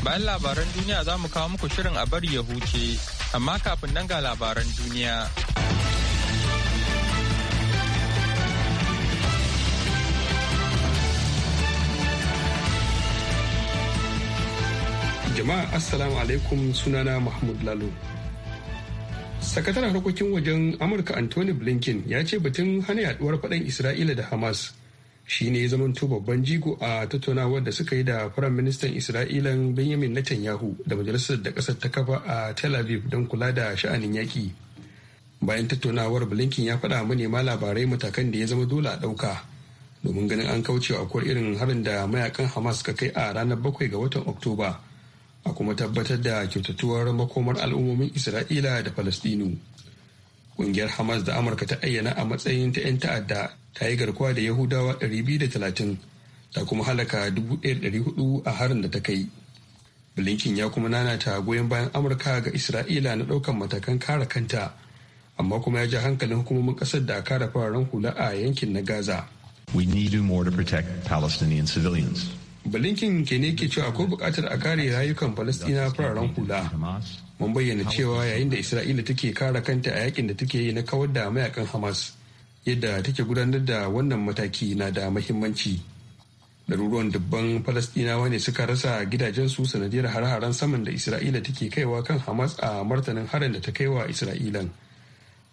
Bayan labaran duniya za mu kawo muku shirin a bari ya huce, amma kafin nan ga labaran duniya. Jama'a Assalamu alaikum sunana Mahmud Lalo. Sakataren harkokin wajen Amurka Anthony Blinken ya ce batun hana yaduwar faɗan Isra'ila da Hamas shi ne ya zamanto babban jigo a tattaunawar da suka yi da firayim ministan isra'ilan benjamin netanyahu da majalisar da kasar ta kafa a tel aviv don kula da sha'anin yaki bayan tattaunawar blinken ya faɗa manema labarai matakan da ya zama dole a ɗauka domin ganin an kauce akwai irin harin da mayakan hamas ka kai a ranar bakwai ga watan oktoba a kuma tabbatar da kyautatuwar makomar al'ummomin isra'ila da falastinu Ƙungiyar Hamas da Amurka ta ayyana a matsayin ta 'yan ta'adda ta yi garkuwa da Yahudawa 230 da kuma halaka 1,400 a harin da ta kai. Blinken ya kuma nanata goyon bayan Amurka ga Isra'ila na ɗaukan matakan kare kanta, amma kuma ya ji hankalin hukumomin ƙasar da kare fararen hula a yankin na Gaza. We need more to protect Palestinian civilians. Blinken ke ne ke cewa akwai buƙatar a kare rayukan Falastina fararen hula. mun bayyana cewa yayin da isra'ila take kare kanta a yakin da take yi na kawar da mayakan hamas yadda take gudanar da wannan mataki na da mahimmanci ɗaruruwan dubban falastinawa ne suka rasa gidajen su sanadiyar har-haren saman da isra'ila take kaiwa kan hamas a martanin harin da ta kaiwa isra'ilan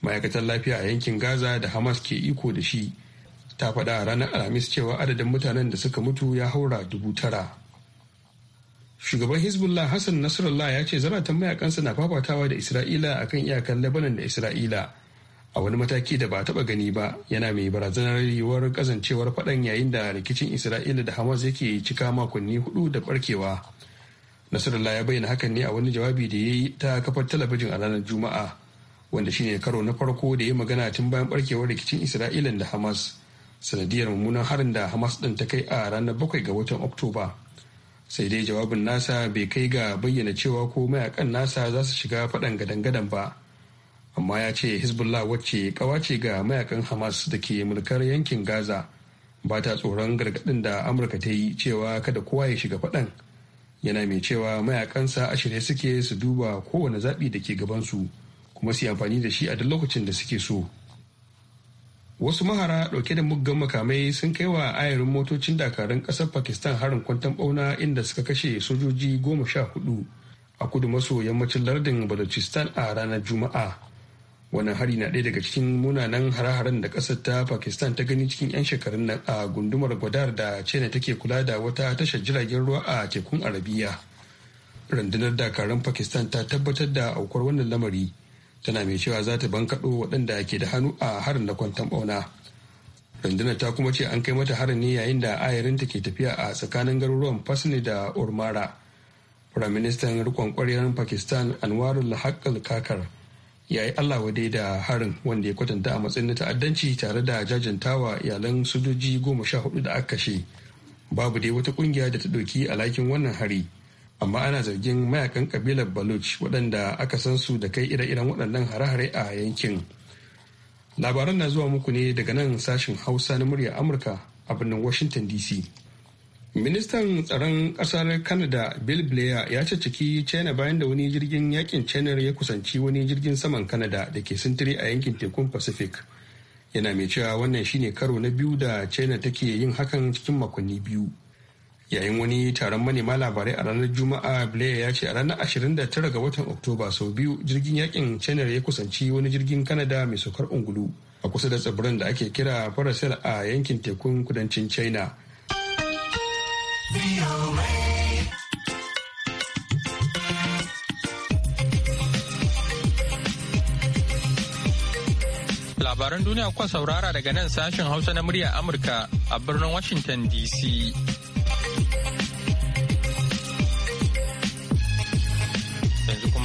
ma'aikatar lafiya a yankin gaza da hamas ke iko da shi ta faɗa ranar alhamis cewa adadin mutanen da suka mutu ya haura dubu tara shugaban hezbollah hassan nasrallah ya ce tambaya kansa na fafatawa da isra'ila a kan iyakan lebanon da isra'ila a wani mataki da ba taba gani ba yana mai barazanar yiwuwar kazancewar faɗan yayin da rikicin isra'ila da hamas yake cika makonni hudu da barkewa nasrallah ya bayyana hakan ne a wani jawabi da ya yi ta kafar talabijin a ranar juma'a wanda shine karo na farko da ya yi magana tun bayan barkewar rikicin isra'ila da hamas sanadiyar mummunan harin da hamas din ta kai a ranar bakwai ga watan oktoba sai dai jawabin nasa bai kai ga bayyana cewa ko mayakan nasa za su shiga faɗan gadan-gadan ba amma ya ce hezbollah wacce kawace ga mayakan hamas da ke mulkar yankin gaza ba ta tsoron gargaɗin da amurka ta yi cewa kada kowa ya shiga faɗan yana mai cewa mayakansa a shirye suke su duba kowane zaɓi da ke gabansu kuma su yi amfani da shi a duk lokacin da suke so wasu mahara dauke da muggan makamai sun kai wa ayarin motocin dakarun kasar pakistan harin kwantan bauna inda suka kashe sojoji goma sha hudu a kudu maso yammacin lardin balochistan a ranar juma'a wannan hari na ɗaya daga cikin munanan hare-haren da ƙasar ta pakistan ta gani cikin 'yan shekarun nan a gundumar gwadar da china take kula da wata tashar jiragen ruwa a tekun arabiya rundunar dakarun pakistan ta tabbatar da aukuwar wannan lamari tana mai cewa za ta bankaɗo waɗanda ke da hannu a harin da kwantan ɓauna rundunar ta kuma ce an kai mata harin ne yayin da ayarinta ke tafiya a tsakanin garuruwan fasni da urmara firaministan rikon ƙwarewar pakistan anwarul haqqal kakar ya yi allah wade da harin wanda ya kwatanta a matsayin na ta'addanci tare da jajantawa iyalan sojoji goma sha hudu da aka kashe babu dai wata kungiya da ta ɗauki alhakin wannan hari amma ana zargin mayakan kabilar baloch waɗanda aka san su da kai ire-iren waɗannan hare-hare a yankin labaran na zuwa muku ne daga nan sashen hausa na murya amurka a birnin washington dc ministan tsaron ƙasar canada bill blair ya ciki china bayan da wani jirgin yakin china ya kusanci wani jirgin saman canada da ke sintiri a yankin tekun pacific yana mai cewa wannan shine karo na biyu da china take yin hakan cikin makonni biyu yayin wani taron manema labarai a ranar juma'a blair ya ce a ranar 29 ga watan oktoba sau biyu jirgin yakin channel ya kusanci wani jirgin kanada mai saukar ungulu a kusa da tsibirin da ake kira paracel a yankin tekun kudancin china labaran duniya kuka saurara daga nan sashen hausa na murya amurka a birnin washington dc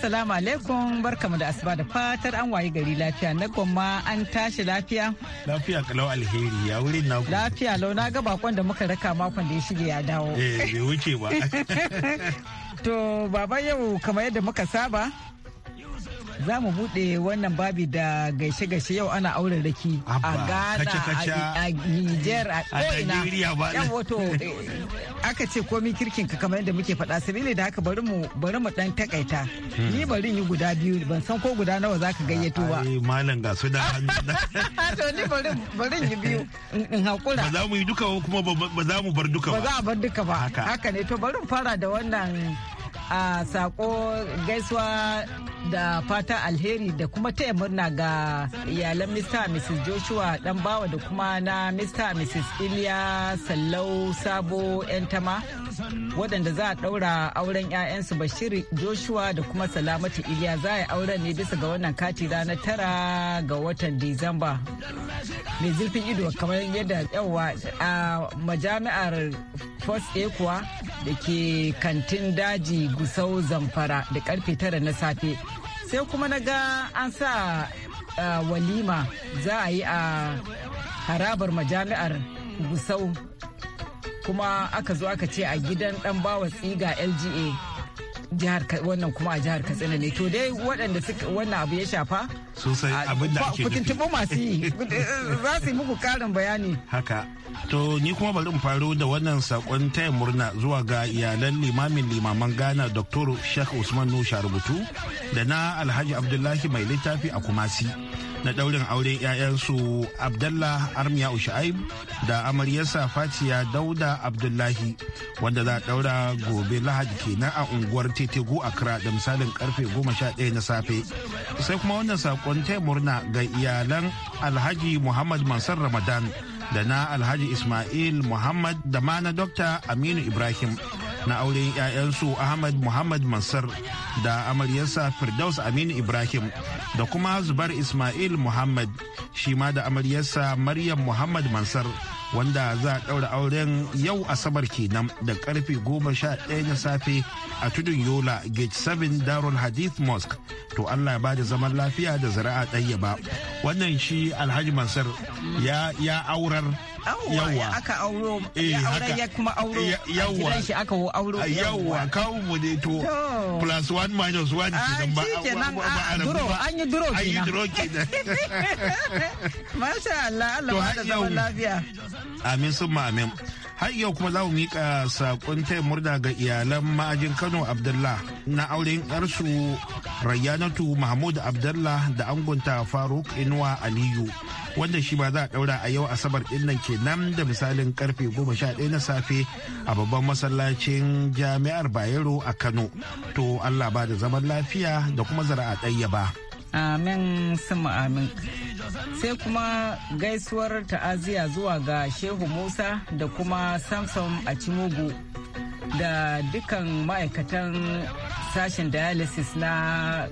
Assalamu alaikum barkamu da asuba da fatar an wayi gari lafiya na gwamma an tashi lafiya. Lafiya kalau alheri ya wurin na Lafiya lau na ga bakon da muka raka makon da ya shige ya dawo. Eh bai wuce ba. To baba yau kamar yadda muka saba za mu buɗe wannan babi da gaishe-gaishe yau ana auren raki a ghana a niger a ko'ina yan wato aka ce komi kirkin ka kamar yadda muke faɗa sabili da haka bari mu bari mu dan takaita hmm. ni bari yi guda biyu ban san ko guda nawa zaka gayyato ba ai malam ga su da hannu to ni bari bari yi biyu in hakura ba za mu yi duka kuma ba za mu bar duka ba ba za a bar duka ba haka ne to bari fara da wannan a sako gaisuwa da fata alheri da kuma taya murna ga iyalan Mr. Mrs. Joshua dan bawa da kuma na Mr. Mrs. Iliya Sallau Sabo 'yan tama waɗanda za a ɗaura auren 'ya'yansu Bashir Joshua da kuma Salamatu Iliya za a yi auren ne bisa ga wannan kati ranar tara ga watan Disamba. Mai zurfin ido kamar yadda yawa a majami'ar Fos kuwa da ke kantin daji Gusau Zamfara da karfe tara na safe. Sai kuma na ga an sa walima za a yi a harabar majami'ar Gusau kuma aka zo aka ce a gidan dan bawa tsiga lga jihar wannan kuma a jihar katsina ne to dai waɗanda suka wannan abu ya shafa sosai abin da ake tuntuɓi masu yi za su yi muku karin bayani haka to ni kuma bari in faro da wannan sakon taya murna zuwa ga iyalan limamin limaman ghana dr sheikh usman nusha rubutu da na alhaji abdullahi mai littafi a kumasi na daurin auren 'ya'yansu Abdullah armiya ushaib da amaryarsa fatiya dauda abdullahi wanda za a daura gobe lahadi kenan a unguwar tetegu kira da misalin karfe 11 na safe sai kuma wannan sakon taya murna ga iyalan alhaji muhammad mansar ramadan da na alhaji ismail muhammad da ma na dokta aminu ibrahim na auren 'ya'yansu Ahmad Muhammad Mansar da amaryarsa Firdaus Aminu Ibrahim da kuma Zubar Ismail Muhammad shi ma da amaryarsa Maryam Muhammad Mansar. wanda za a ɗaura auren yau Asabar kenan da karfe goma sha ɗaya na safe a tudun Yola Gate 7 Darul Hadith Mosque to Allah ba da zaman lafiya da zara'a ɗayyaba ba wannan shi Alhaji Mansar ya aurar yawa aka auro ya eh, auren ya kuma auro yawa shi aka auro ah, yawa kawo mu ne to plus one minus one ah, ba a ah, duro an yi duro kenan an masha Allah Allah da zaman lafiya amin sun ma amin har yau kuma za mu mika sakon taya murna ga iyalan ma'ajin kano abdullah na auren yarsu rayyanatu mahmud abdullah da angunta faruk inuwa aliyu wanda shi ba za a daura a yau asabar dinnan kenan da misalin karfe 11 na safe a babban masallacin jami'ar bayero a kano to allah ba da zaman lafiya da kuma zara'a ɗayya ba. sama amin. Sai kuma gaisuwar ta'aziyya zuwa ga Shehu Musa da kuma Samson a Cimugu da dukkan ma'aikatan sashen dialysis na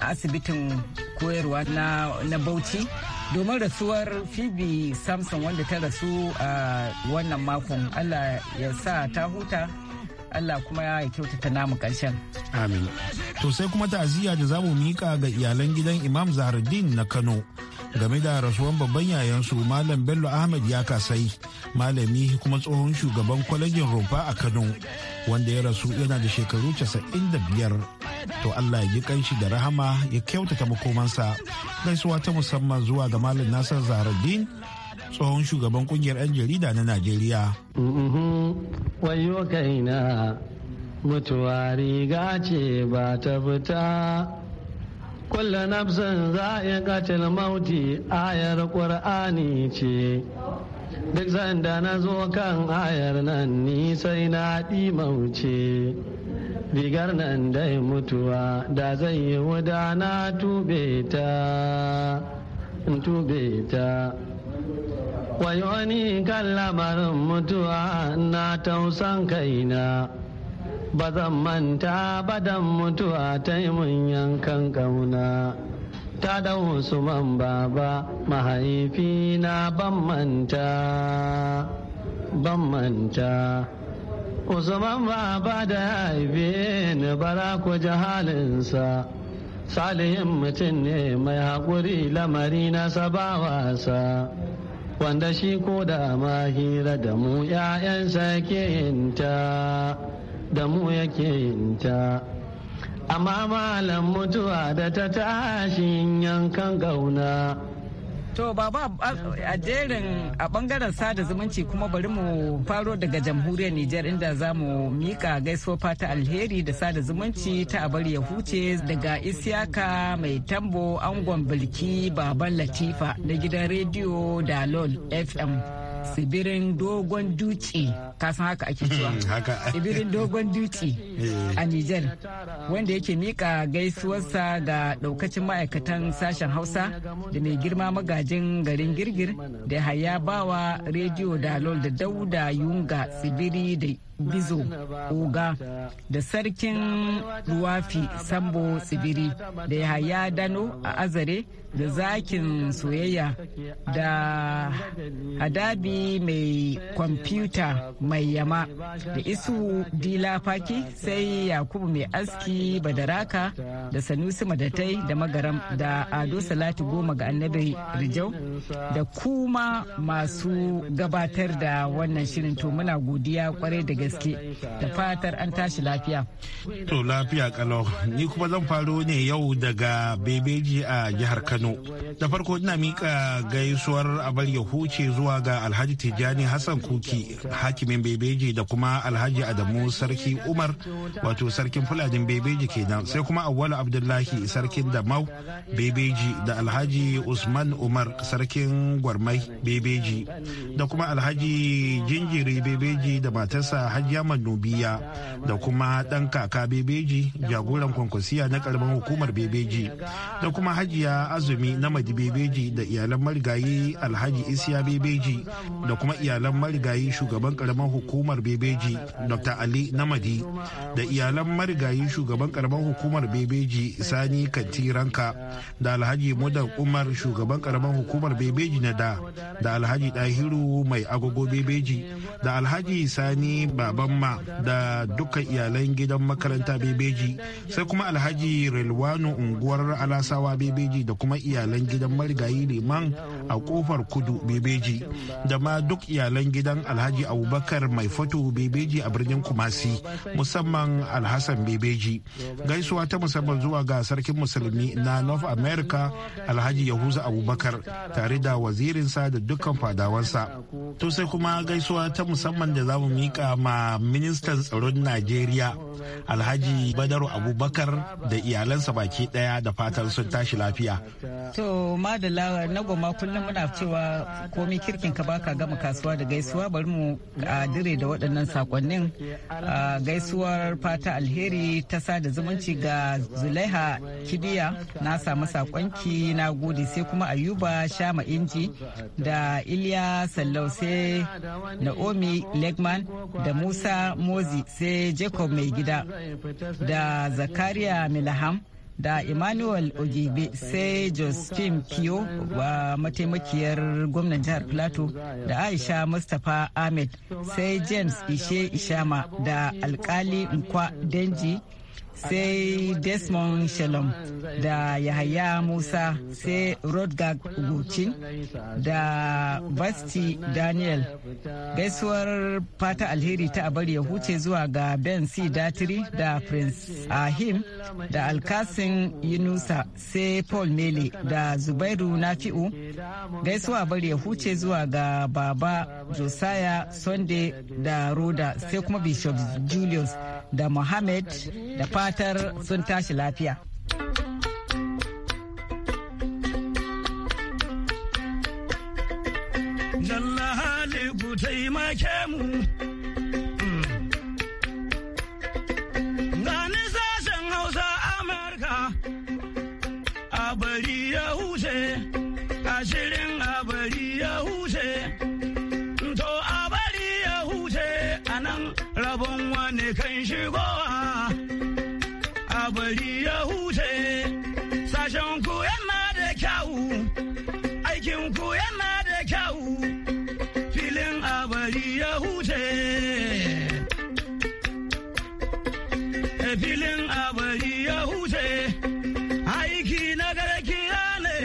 asibitin koyarwa na, Bauchi. domin rasuwar Phoebe Samson wanda ta rasu a wannan makon Allah ya sa ta huta Allah kuma ya kyautata namu karshen. Amin. To sai kuma ta'aziyya da zamu mika ga iyalan gidan Imam zahraddin na Kano game da rasuwan babban yayansu Malam Bello Ahmed ya kasai malami kuma tsohon shugaban kwalejin rumfa a Kano wanda ya rasu yana da shekaru 95. To Allah ya ji kanshi da rahama ya kyautata makomansa. Gaisuwa ta musamman zuwa ga Malam Nasar zahraddin tsohon shugaban kungiyar 'yan jarida na najeriya wayo kaina mutuwa riga ce ba ta fita kulla nafsin za a katil mauti ayar ƙwar'ani ce duk sanda na zo kan ayar nan ni sai na ɗi mauce rigar nan dai mutuwa da zai yi wuda na tube ta wayo wani kan lamarin mutuwa na tausan kaina ba zan manta badan mutuwa ta yi mun yankan kauna ta da wasu man baba mahaifina ban manta ban manta usman baba da ya haife ni bara ku ji salihin mutum ne mai haƙuri lamari na saba wasa wanda shi ko da mahira da mu ‘ya'yansa ke yinta da mu yake yinta amma malam mutuwa da ta tashin yankan gauna To baba a jerin a bangaren sada zumunci kuma bari mu faro daga jamhuriyar Nijar inda za mu mika gaisuwa fata alheri da sada zumunci ta abar ya huce daga Isiyaka mai tambo angon bilki baban Latifa na gidan rediyo da lol FM. tsibirin dogon dutse kasan haka ake cewa mm, tsibirin dogon dutse eh. a niger wanda yake mika gaisuwarsa ga daukacin ma'aikatan sashen hausa da mai girma magajin garin girgir da haya bawa rediyo dalol da dauda yunga tsibiri da bizo uga da sarkin ruwafi sambo tsibiri da yahaya dano a azare da zakin soyayya da hadabi mai kwamfuta mai yama da isu dila faki sai yakubu mai aski badaraka da sanusi madatai da magaram da ado salati goma ga annabi rijau da kuma masu gabatar da wannan shirin to muna godiya kwarai daga. gaske da fatar an tashi lafiya. To lafiya kalau ni kuma zan faro ne yau daga bebeji a jihar Kano. Da farko ina mika gaisuwar abar ya huce zuwa ga Alhaji Tijjani Hassan Kuki hakimin bebeji da kuma Alhaji Adamu Sarki Umar wato sarkin Fulajin bebeji kenan sai kuma Awwalu Abdullahi sarkin Damau bebeji da Alhaji Usman Umar sarkin Gwarmai bebeji da kuma Alhaji Jinjiri bebeji da matarsa hajiya manubiya da kuma ɗan kaka bebeji jagoran kwankwasiya na ƙaramin hukumar bebeji da kuma hajiya azumi na madi bebeji da iyalan marigayi alhaji isiya bebeji da kuma iyalan marigayi shugaban ƙaramin hukumar bebeji dr ali namadi da iyalan marigayi shugaban ƙaramin hukumar bebeji sani Ranka da alhaji Mudan umar shugaban ƙaramin hukumar bebeji na da da alhaji dahiru mai agogo bebeji da alhaji sani ma da dukkan iyalan gidan makaranta bebeji sai kuma alhaji relwano unguwar alasawa bebeji da kuma iyalan gidan marigayi liman a kofar kudu bebeji da ma duk iyalan gidan alhaji abubakar mai fato bebeji a birnin kumasi musamman alhassan bebeji gaisuwa ta musamman zuwa ga sarkin musulmi na north america alhaji yahuza abubakar tare da wazirinsa da dukkan fadawansa to sai kuma gaisuwa ta musamman da za mu miƙa ma ministan tsaron najeriya alhaji badaru abubakar da iyalansa baki daya da fatan sun tashi lafiya to madalla na goma kullum muna cewa komi kirkin ka baka gama kasuwa da gaisuwa bari mu dire da waɗannan sakonnin gaisuwar fata alheri ta sada zumunci ga zulaiha kibiya na samu sakonki na gode sai kuma ayuba shama inji da iliya sallau sai naomi legman da musa mozi sai jacob mai gida da zakaria milham da emmanuel ogibe sai justin kiyo wa mataimakiyar gwamnan jihar plateau da aisha mustapha ahmed sai james ishe ishama da alkali nkwa denji sai desmond shalom da yahaya musa sai rodgag goci da basti daniel gaisuwar fata alheri ta abar ya huce zuwa ga ben c datri da prince ahim da alkasin yunusa sai paul mele da zubairu nafi'u gaisuwa abar ya huce zuwa ga baba josiah sunday da roda sai kuma bishop julius da Mohammed da fatar sun tashi lafiya. Jalla Halibu taimake mu. filin abari ya huce aiki na garkiya ne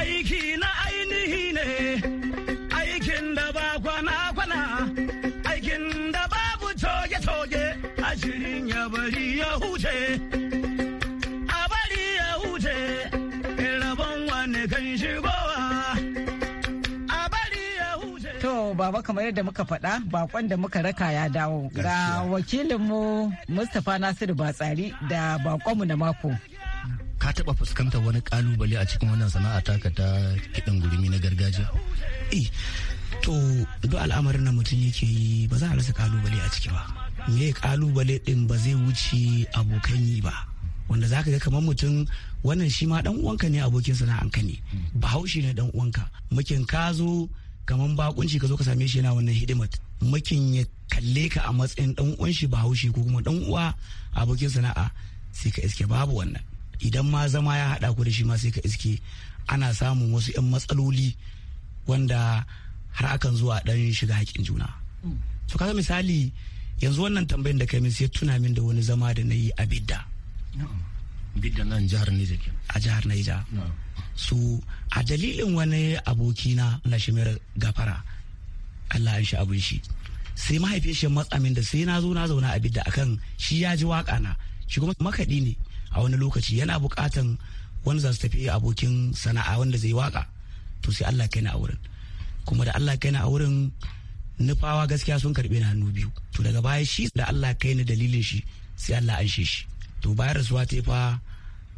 aiki na ainihi ne aikin da ba kwana-kwana aikin da babu toge-toge shirin ya bari ya huce baba kamar yadda muka faɗa bakon da muka raka ya dawo ga wakilinmu mustapha nasiru batsari da bakonmu na mako ka taɓa fuskantar wani kalubale a cikin wannan sana'a taka ta kiɗan gurumi na gargajiya eh to duk al'amarin da mutum yake yi ba za a rasa kalubale a ciki ba me kalubale din ba zai wuce abokan yi ba wanda zaka ga kamar mutum wannan shi ma dan uwanka ne abokin sana'anka ne bahaushe ne dan uwanka mukin ka zo kamar bakunci ka zo ka same shi yana wannan hidimar makin ya kalle ka a matsayin dan uwan shi bahaushe ko kuma dan uwa abokin sana'a sai ka iske babu wannan idan ma zama ya hada ku da shi ma sai ka iske ana samun wasu yan matsaloli wanda har akan zuwa dan shiga haƙin juna to kaga misali yanzu wannan tambayin da kai min sai tuna min da wani zama da na yi a bidda bidda nan jihar Niger a jihar Niger su a dalilin wani abokina na shimir gafara Allah ya shi abin shi sai mahaifi shi matsamin da sai na zo na zauna a bidda akan shi ya ji waka na shi kuma makaɗi ne a wani lokaci yana buƙatan wani za su tafi abokin sana'a wanda zai waka to sai Allah kai na a wurin kuma da Allah kai na a wurin nufawa gaskiya sun karɓi na hannu biyu to daga baya shi da Allah kai ni dalilin shi sai Allah an shi to bayar da suwa fa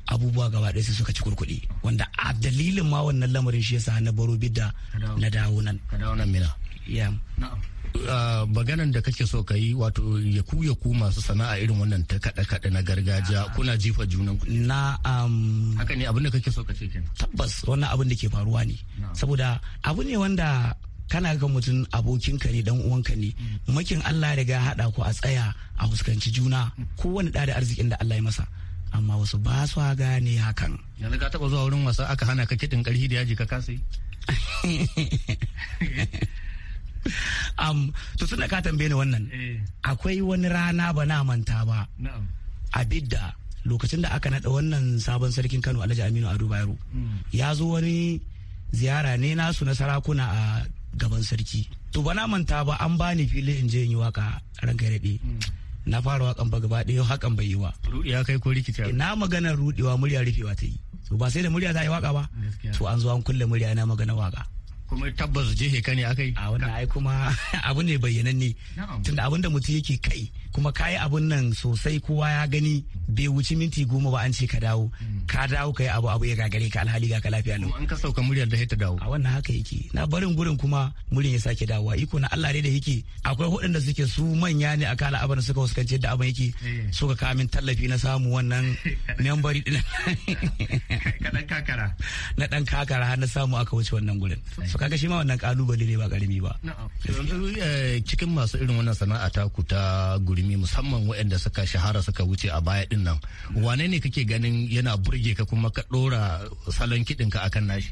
abubuwa gaba ɗaya sai suka ci kurkuɗi wanda a dalilin ma wannan lamarin shi yasa na baro bidda na dawo nan mina ya uh, maganan da kake so ka yi wato ya ku ya ku masu sana'a irin wannan ta kaɗe kaɗe na gargajiya kuna jifa junan ku na um, haka ne abin da kake so ka ce kenan tabbas wannan abin da ke faruwa ne saboda abu ne wanda kana ga mutum abokinka ne dan uwanka ne makin Allah riga haɗa ku a tsaya a fuskanci juna kowane da arzikin da Allah ya masa amma wasu ba su gane hakan yanzu ka taba zuwa wurin wasa aka hana ka kiɗin karhi da yaji ka kasa am to tunda ka tambaye ni wannan eh. akwai wani rana ba na manta ba a bidda lokacin da aka naɗa wannan sabon sarkin kano alhaji aminu ado bayero hmm. ya zo wani ziyara ne nasu na sarakuna a gaban sarki to ba na manta ba an bani fili in je in yi waka ranka daɗe na fara wakan ba gaba ɗaya hakan bai yi wa rudiya kai ko rikice na magana rudewa murya rufewa ta yi to ba sai da murya ta yi waka ba to an zo an kulle murya na magana waka kuma tabbas jihe ka ne akai a wannan ai kuma abu ne bayyananne tunda abin da mutum yake kai kuma kayi abun nan sosai kowa ya gani bai wuci minti goma ba an ce ka dawo ka dawo ka yi abu abu ya gagare ka alhali ga ka lafiya lau an ka sauka muryar da ta dawo a wannan haka yake na barin gurin kuma muryar ya sake dawowa iko na Allah ne da yake akwai da suke su manya ne a kala al'abarin suka wasu kance da abin yake eh. suka kamin tallafi na samu wannan membari din na kakara na dan kakara har na samu aka wuce wannan gurin so kaga shi ma wannan kalubale ne ba karami ba eh, cikin masu irin wannan sana'a ta ku ta guri musulmi musamman waɗanda suka shahara suka wuce a baya din nan wane ne kake ganin yana burge ka kuma ka ɗora salon kiɗin ka akan nashi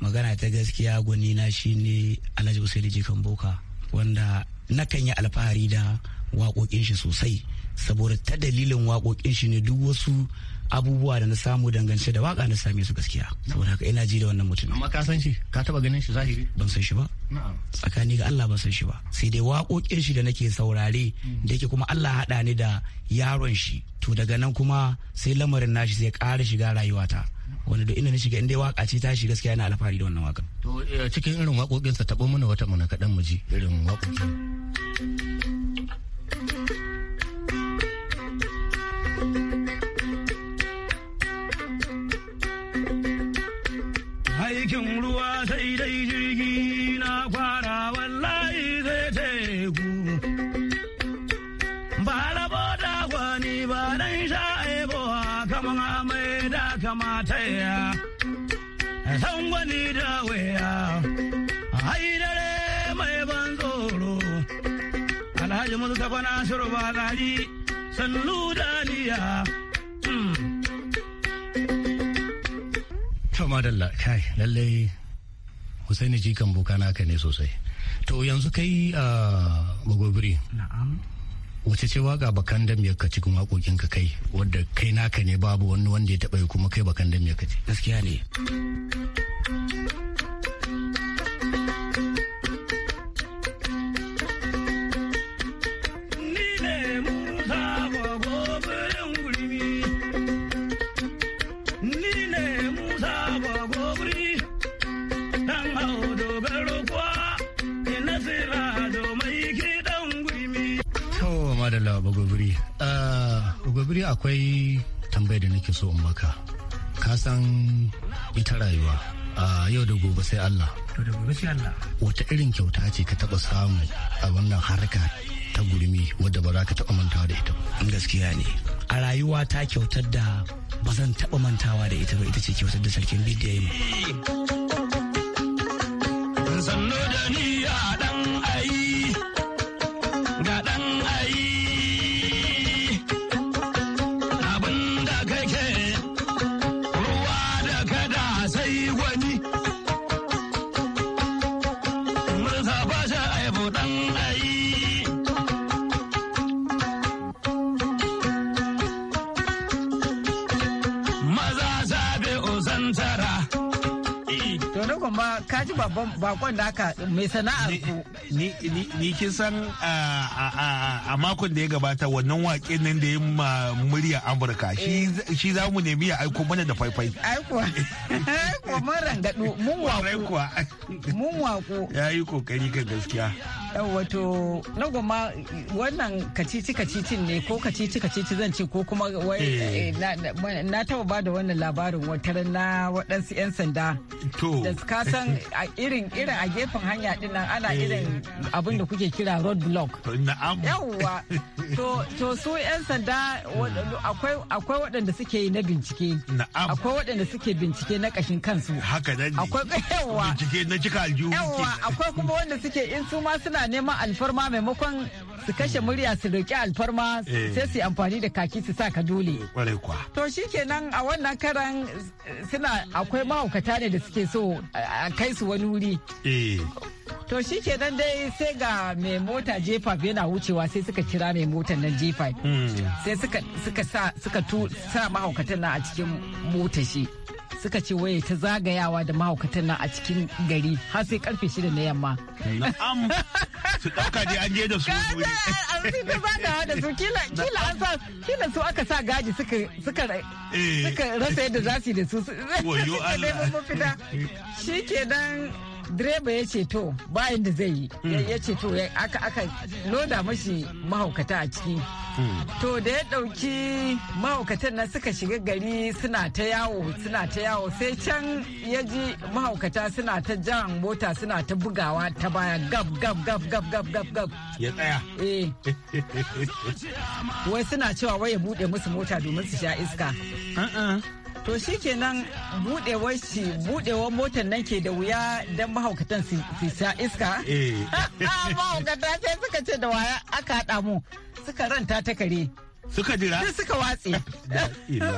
magana ta gaskiya gwani na ne alhaji usaini jikan boka wanda nakan yi alfahari da waƙoƙin shi sosai saboda ta dalilin waƙoƙin shi ne duk wasu abubuwa da na samu dangance da waka na same su gaskiya saboda haka ina ji da wannan mutum amma ka san shi ka taba ganin shi zahiri ban san shi ba tsakani ga Allah ban san shi ba sai dai waƙoƙin shi da nake saurare mm. da yake kuma Allah haɗa ni da yaron shi to daga nan kuma sai lamarin nashi sai ƙara shiga rayuwata wani duk inda na shiga inda waka ce ta shi gaskiya yana alfahari da wannan waka to eh, cikin irin waƙoƙinsa taɓo mana wata mana kaɗan mu ji irin waƙoƙin Aikin ruwa sai dai jirgi na kwara wallahi zai teku. Ba rabo da gwani ba dan sha aibo kama mai da kamata ya. San gwani da waya. Ai dare mai ban tsoro. Alhaji Mustapha Nasiru ba sannu daliya hmm. to madalla kai lallai Husaini jikan boka naka ne sosai to yanzu kai a magobiri na'am wace ce waka bakan dam ka cikin waƙoƙin ka kai wadda kai naka ne babu wani wanda ya taɓa yi kuma kai bakan dam ya kaci. gaskiya ne babiri akwai tambayar da nake so in maka ka san ita rayuwa a yau da gobe sai Allah wata irin kyauta ce ka taba samu a wannan harka ta gurmi wadda ba za ka taba mantawa da ita ba gaskiya ne a rayuwa ta kyautar da ba zan taba mantawa da ita ba ita ce kyautar da sarkin bidiyo ya yi ji babban bakon aka mai sana'ar ko ni kin san a makon da ya gabata wannan waƙe nan da ya ma murya amurka eh. shi za mu nemi ya aiko mana da faifai aiko mara rangadu mun waƙo mun waƙo ya yi kokari ga gaskiya wato na goma wannan kacici kacicin ne ko kacici kacici zan ce ko kuma eh. Eh, na taba ba da wannan labarin wataran na waɗansu 'yan sanda da ka a irin irin a gefen hanya dinnan nan ana irin abin da kuke kira road block. Na'am. Yawwa. To su 'yan sanda akwai waɗanda suke yi na bincike. Na'am. Akwai waɗanda suke bincike na ƙashin kansu. Haka nan ne. Akwai yawwa. Bincike na cika aljihu. Yawwa akwai kuma wanda suke in su ma suna neman alfarma maimakon su kashe murya su roƙi alfarma eh. sai su amfani da kaki su sa ka dole. To shi kenan a wannan karan suna akwai mahaukata ne da suke so a kai su wani wuri. Eh. To shi kenan dai sai ga mai mota G5 yana wucewa sai suka kira mai motar nan G5. Hmm. Sai suka sa suka tu sa mahaukatan nan a cikin mota shi. Suka ce waye ta zagayawa da mahaukatan nan a cikin gari har sai karfe shida na yamma. Na'am su dauka je an je da su. An fi ta da su kila kila an sa kila su aka sa gaji suka suka eh. suka rasa yadda za su yi da su. Wayo Allah. Shi kenan direba ya ce to bayan da zai yi hmm. ya ce to aka aka loda mashi mahaukata a ciki hmm. to da ya dauki mahaukatan na suka shiga gari suna ta yawo suna ta yawo sai can ya ji mahaukata suna ta jan mota suna ta bugawa ta baya gab gab gab gab gab gab gab ya tsaya eh wai suna cewa wai ya buɗe musu mota domin su sha iska uh-uh. to shi kenan budewar shi budewar motar nan ke da wuya don mahaukatan su sa iska eh. ah, mahaukata sai suka ce da waya aka haɗa mu suka ranta ta kare suka jira sai suka watse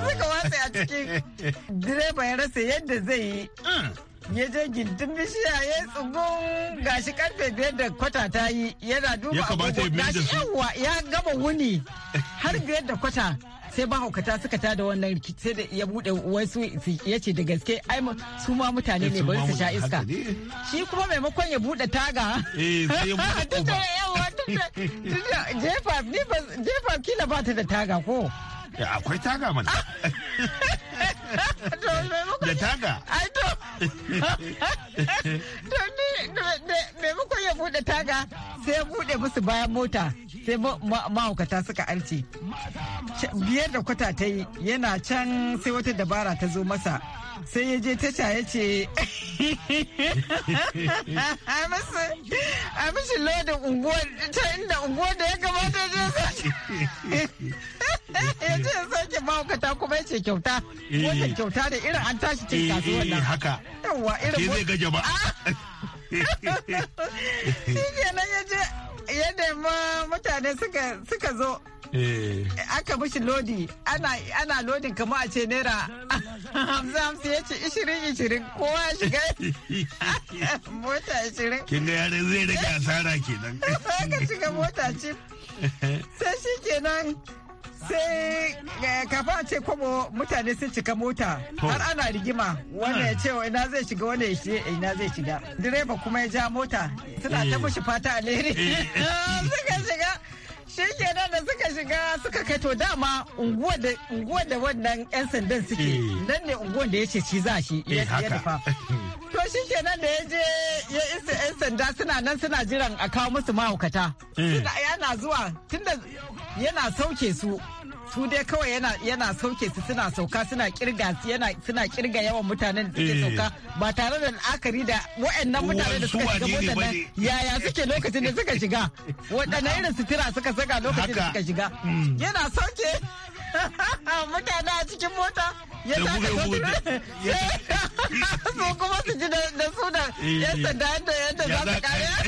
suka watse a cikin direba ya rasa yadda zai yi hmm. ya je gindin bishiya ya tsugun gashi karfe biyar da kwata ta yi yana duba agogo gashi yawa ya gama wuni har biyar da kwata sai ba hukata suka ta da wannan sai da ya bude wasu ya ce da gaske ai su ma mutane ne eh, bari su sha iska shi kuma maimakon ya bude taga duk da yawa jefa kila ba ta da taga ko eh, akwai taga mana da taga ai to to maimakon ya bude taga sai ya bude musu bayan mota sai mahaukata suka arce biyar da kwata ta yi yana can sai wata dabara ta zo masa sai ya je tasha ya ce a mishi lodin unguwar ta inda unguwar da ya kamata ya ya ce sake ma'aukata kuma ya ce kyauta eh. wata kyauta da irin an tashi cikin kasuwar nan eh, haka yawa irin zai gaje ba ah! shikenan ya je yadda ma mutane suka zo eh. aka mishi lodi ana lodin kama a ce naira hamsin hamsin ya ce ishirin ishirin kowa ya shiga mota ishirin kin ga yare zai rage asara kenan ka shiga mota ce sai shi kenan sai eh, kafa ce kwabo mutane sun cika mota har ana rigima wani ya ce wa ina zai shiga wani ya shiga ina zai shiga direba kuma ya ja mota suna ta eh. mushi fata alheri eh. suka shiga shi kenan da suka shiga suka kai to dama unguwar da wannan yan sandan suke nan ne unguwar da ya ce ci za shi ya tafa shi nan da ya je ya isa 'yan sanda suna nan suna jiran a kawo musu mahaukata. Eh. Yana zuwa tunda yana sauke su su dai kawai yana yana sauke su suna sauka suna kirga yana suna kirga yawan mutanen da suke eh. sauka ba tare da akari da waɗannan mutanen da suka shiga nan yaya suke lokacin da suka shiga waɗannan irin sutura suka saka lokacin da suka shiga hmm. yana sauke mutane a cikin mota ya taka su kuma su ji da su da eh. yan sanda yadda za su kare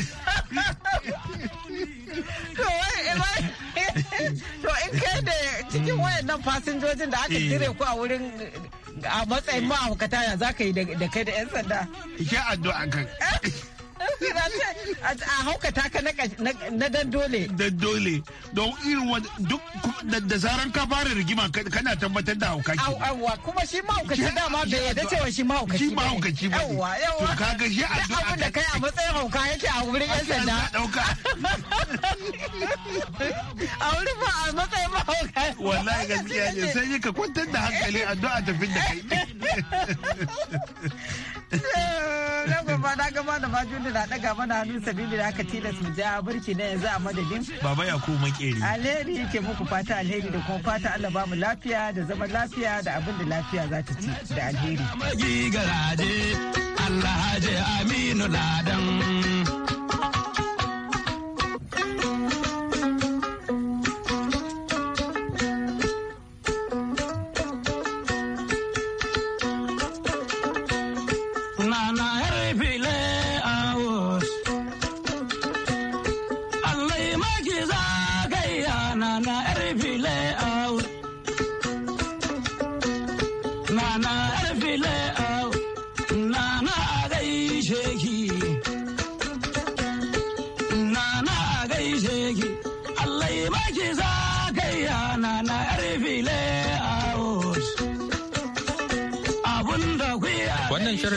to in kai da cikin wayannan fasinjojin da aka cire ku a wurin a matsayin ma'aukata ya za ka yi da kai da 'yan sanda. addu'a kan. Eh? a haukata ka na dan dole dan dole don irin duk da zaran ka fara rigima kana tabbatar da haukaci awwa kuma shi mahaukaci dama bai yadda cewa shi mahaukaci shi mahaukaci ba Yawa yawa to kaga shi addu'a abin da kai a matsayin hauka yake a wurin yan sanda dauka a wurin ba a matsayin ma mahauka wallahi gaskiya ne sai yi ka kwantar da hankali addu'a tafi da kai Laulan gwamba na gama da majun da na daga mana hannu sabili da aka tilas mu ja burki na yanzu a madadin. Baba ya Yakubu Makeri. Alheri yake muku fata alheri da kuma fata Allah ba mu lafiya da zaman lafiya da abin da lafiya za ta ci da alheri. Allah Aminu Ladan.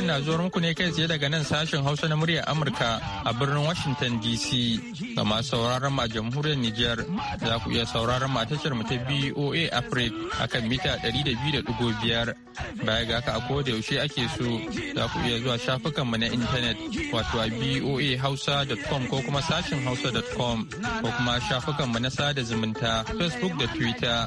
na zuwa muku ne kai tsaye daga nan sashen Hausa na muryar Amurka a birnin Washington DC. Ga masu sauraron ma jamhuriyar Nijar za ku iya sauraron ma tashar mu ta BOA Africa akan mita 200.5 Baya ga haka a koda yaushe ake so za ku iya zuwa shafukanmu na intanet wato a boahausa.com ko kuma sashin hausa.com ko kuma shafukanmu na sada zumunta Facebook da Twitter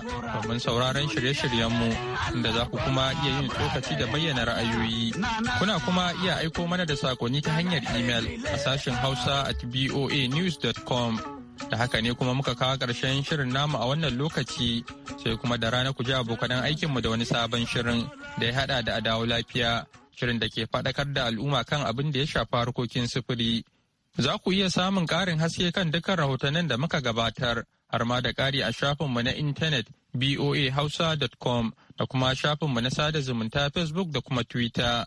domin sauraron shirye-shiryenmu inda za ku kuma iya yin tsokaci da bayyana ra'ayoyi. Kuna kuma iya aiko mana da sakonni ta hanyar imel a sashin hausa at boanews.com Da haka ne kuma muka kawo ƙarshen shirin namu a wannan lokaci sai kuma da rana ku ji abokan aikinmu da wani sabon shirin da ya haɗa da adawo lafiya shirin da ke faɗakar da al'umma kan abin da ya shafi harkokin sufuri. Za ku iya samun ƙarin haske kan dukkan rahotannin da muka gabatar har ma da ƙari a shafinmu na intanet hausa.com da kuma shafinmu na sada zumunta Facebook da kuma Twitter.